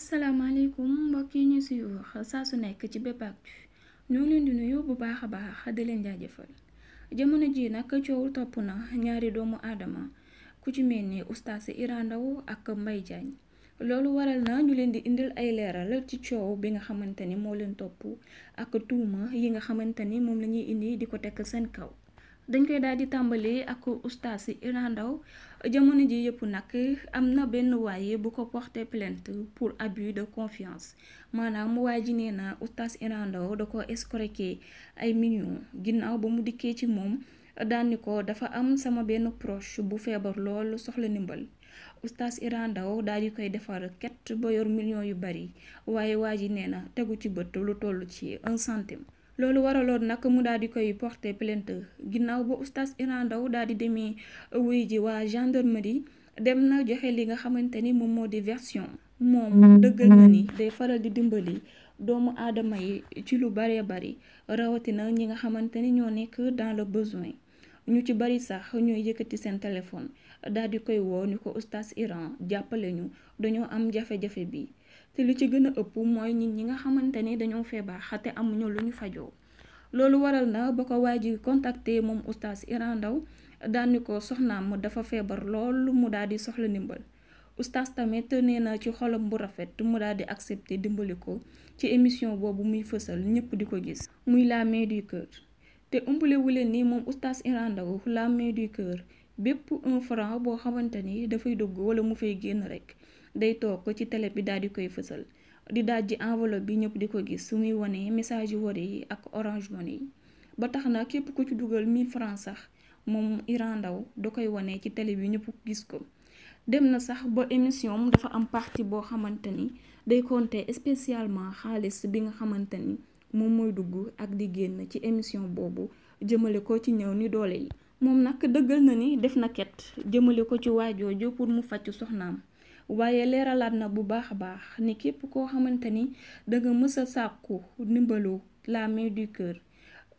asalaamaaleykum mbokk yi ñu suivre saa su nekk ci bépp actu ñoo leen di nuyu bu baax a baax di leen jaajëfal jamono ji nag coow topp na ñaari doomu aadama ku ci mel ni oustaz Iran Ndao ak Mbaye Diagne loolu waral na ñu leen di indil ay leeral ci coow bi nga xamante ni moo leen topp ak tuuma yi nga xamante ni moom la ñuy indi di ko tekk seen kaw. dañ koy daal di tàmbali ak oustaz si jamono ji yëpp nag am na benn waaye bu ko porté plainte pour abus de confiance maanaam waa ji nee na oustaz Iran Ndao ko escroquer ay millions ginnaaw ba mu dikkee ci moom daani ko dafa am sama benn proche bu feebar lool soxla ndimbal oustaz Iran Ndao daal di koy defar ket ba yor millions yu bari waaye waa ji nee na tegu ci bët lu toll ci un centime loolu waraloon nag mu daal di koy porter plainte ginnaaw ba oustaz Iran Ndao daal di demee wuy ji waa gendarmerie dem na joxe li nga xamante ni moom moo di version moom dëggal na ni day faral di dimbali doomu aadama yi ci lu baree bari rawatina ñi nga xamante ni ñoo nekk dans le besoin ñu ci bari sax ñooy yëkkati seen téléphone daal di koy woo ni ko oustaz Iran jàppale ñu dañoo am jafe-jafe bi te lu ci gën a ëpp mooy nit ñi nga xamante ni dañoo feebar xate amuñu lu ñu fajoo loolu waral na ba ko waa ji contacté moom oustaz Iran Ndao daan ko soxnaam dafa feebar lool mu daal di soxla ndimbal oustaz tamit nee na ci xolam bu rafet mu daal di accepté dimbali ko ci émission boobu muy fësal ñëpp di ko gis. muy la main du te umbale wu leen ni moom oustaz Iran Ndao la main du cœur bépp un franc boo xamante ni dafay dugg wala mu fay génn rek day toog ko ci télé bi daal di koy fësal. di dajji enveloppe bi ñëpp di ko gis su muy wone message yu yi ak orange money yi ba tax na képp ku ci dugal 1000 francs sax moom Iran Ndao da koy wone ci télé bi ñëpp gis ko dem na sax ba émission dafa am partie boo xamante ni day compter spécialement xaalis bi nga xamante ni moom mooy dugg ak di génn ci émission boobu jëmale ko ci ñëw ni doole yi moom nag dëggal na ni def na ket jëmale ko ci waajooju pour mu fàcc soxnaam waaye leeralaat na bu baax a baax ni képp koo xamante ni danga mës a sàkku ndimbalu la main du cœur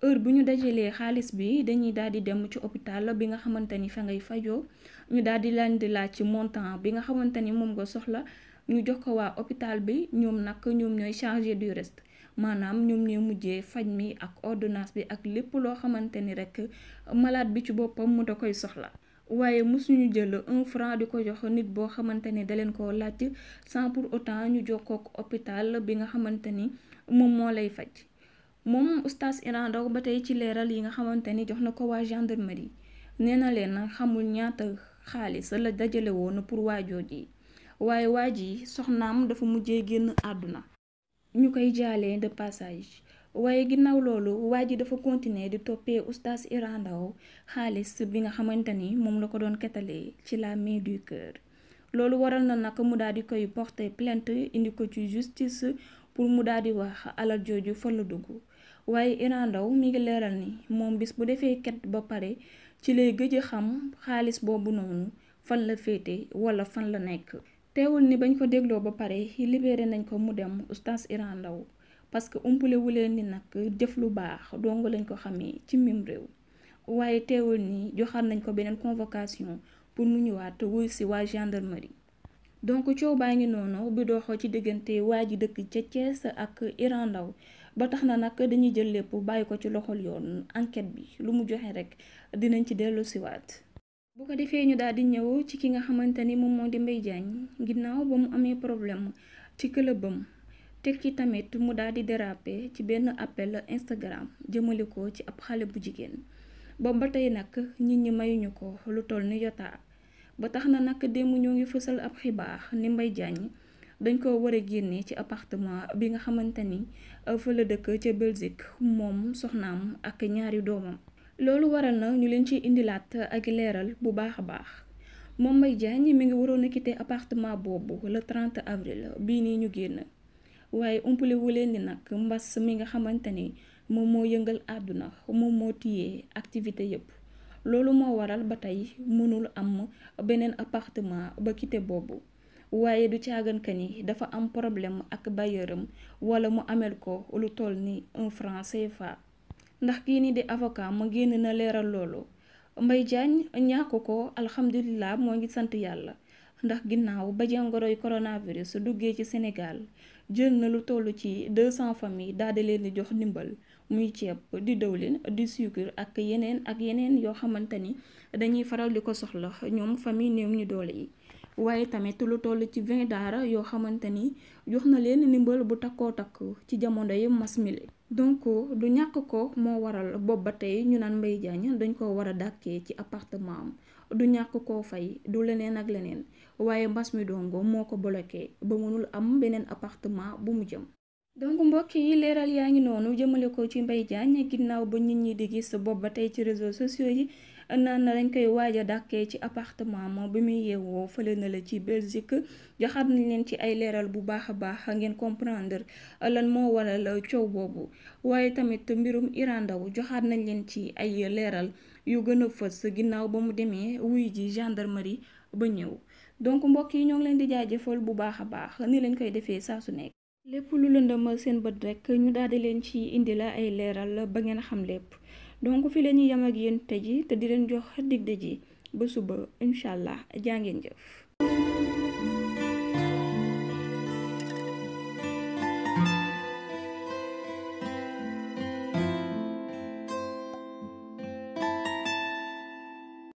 heure bu ñu dajalee xaalis bi dañuy daal di dem ci hôpital bi nga xamante ni fa ngay fajoo ñu daal di leen di laaj ci montant bi nga xamante ni moom nga soxla ñu jox ko waa hôpital bi ñoom nag ñoom ñooy chargé du reste maanaam ñoom ñooy mujjee faj mi ak ordonnance bi ak lépp loo xamante ni rek malade bi ci boppam mu da koy soxla. waaye mosuñu jël un franc di ko jox nit boo xamante ne da leen koo laaj sans pour autant ñu jokkook hôpital bi nga xamante ni moom moo lay faj moom oustaz Iran Ndao ba tey ci leeral yi nga xamante ni jox na ko waa gendarmerie nee na leen xamul ñaata xaalis la dajale woon pour waajoo ji waaye waa ji soxnaam dafa mujjee génn àdduna ñu koy jaalee de passage waaye ginnaaw loolu waa ji dafa continuer di toppee oustaz Iran xaalis bi nga xamante ni moom la ko doon ketalee ci la main du cœur loolu waral na nag mu daal di koy porter plainte indi ko ci justice pour mu daal di wax alal jooju fan la dugg waaye Iran Ndao mi ngi leeral ni moom bis bu defee ket ba pare ci lay gëj xam xaalis boobu noonu fan la féete wala fan la nekk teewul ni bañ ko dégloo ba pare libéré nañ ko mu dem oustaz Iran Ndao parce que umpule wu leen ni nag jëf lu baax dong lañ ko xamee ci mim réew waaye teewal ni joxaat nañ ko beneen convocation pour mu ñëwaat wuy si gendarmerie. donc coow baa ngi noonu bi doxoo ci diggante waa ji dëkk ca Thiès ak Iran Ndaw ba tax na nag dañu jël lépp bàyyi ko ci loxol yoon enquête bi lu mu joxe rek dinañ ci dellu siwaat bu ko defee ñu daal di ñëw ci ki nga xamante ni moom moo di Mbaye Diagne ginnaaw ba mu amee problème ci këlëbam teg ci tamit mu daal di déraper ci benn appel Instagram jëmale ko ci ab xale bu jigéen boobu ba tey nag nit ñi mayuñu ko lu toll ni yotaa ba tax na nag démb ñoo ngi fësal ab xibaar ni mbay Diagne dañ ko war a génne ci appartement bi nga xamante ni euh, fëla dëkk ca Belgique moom soxnaam ak ñaari doomam. loolu waral na ñu leen ci indilaat ak leeral bu baax a baax moom Mbaye Diagne mu ngi waroon a quitté appartement boobu le 30 avril bii nii ñu génn. waaye umpalewu leen ni nag mbas mi nga xamante ni moom moo yëngal àdduna moom moo tiyee activité yëpp loolu moo waral ba tey mënul am beneen appartement ba quitté boobu waaye du caaganka ni dafa am problème ak bailleuram wala mu ameel ko lu toll ni un franc ndax kii ni di avocat ma génn na leeral loolu Mbaye Diagne ñàkk ko ko moo ngi sant yàlla ndax ginnaaw ba jàngoroy coronavirus duggee ci Sénégal jël na lu toll ci 200 familles daal di leen di jox ndimbal muy ceeb di dëwlin di sucre ak yeneen ak yeneen yoo xamante ni dañuy faral di ko soxla ñoom famille néew ñu doole yi. waaye tamit lu toll ci vingt daara yoo xamante ni jox na leen ndimbal bu takkoo takk ci jamono yi mas mile donc du ñàkk ko moo waral boobu ba tey ñu naan Mbaye Diagne dañ ko war a dàkkee ci appartement am du ñàkk ko fay du leneen ak leneen waaye mbas mi dongo moo ko bloqué ba mënul am beneen appartement bu mu jëm donc mbokk yi leeral yaa ngi noonu jëmale ko ci Mbaye Diagne ginnaaw ba nit ñi di gis bopp ba tey ci réseaux sociaux yi naan na lañ koy waaja a dàkkee ci appartement ma bi muy yeewoo fële na la ci Belgique joxaat nañ leen ci ay leeral bu baax a baax ngeen comprendre lan moo waral coow boobu waaye tamit mbirum Iran Ndao joxaat nañ leen ci ay leeral yu gën a fës ginnaaw ba mu demee wuy ji gendarmerie ba ñëw donc mbokk yi ñoo ngi leen di jaajëfal bu baax a baax ni lañ koy defee saa su nekk. lépp lu lëndëm seen bët rek ñu daal di leen ci indi la ay leeral ba ngeen xam lépp donc fi leen ñuy yem ak yéen te di leen jox dig daje ba suba incha allah jaa ngeen jëf.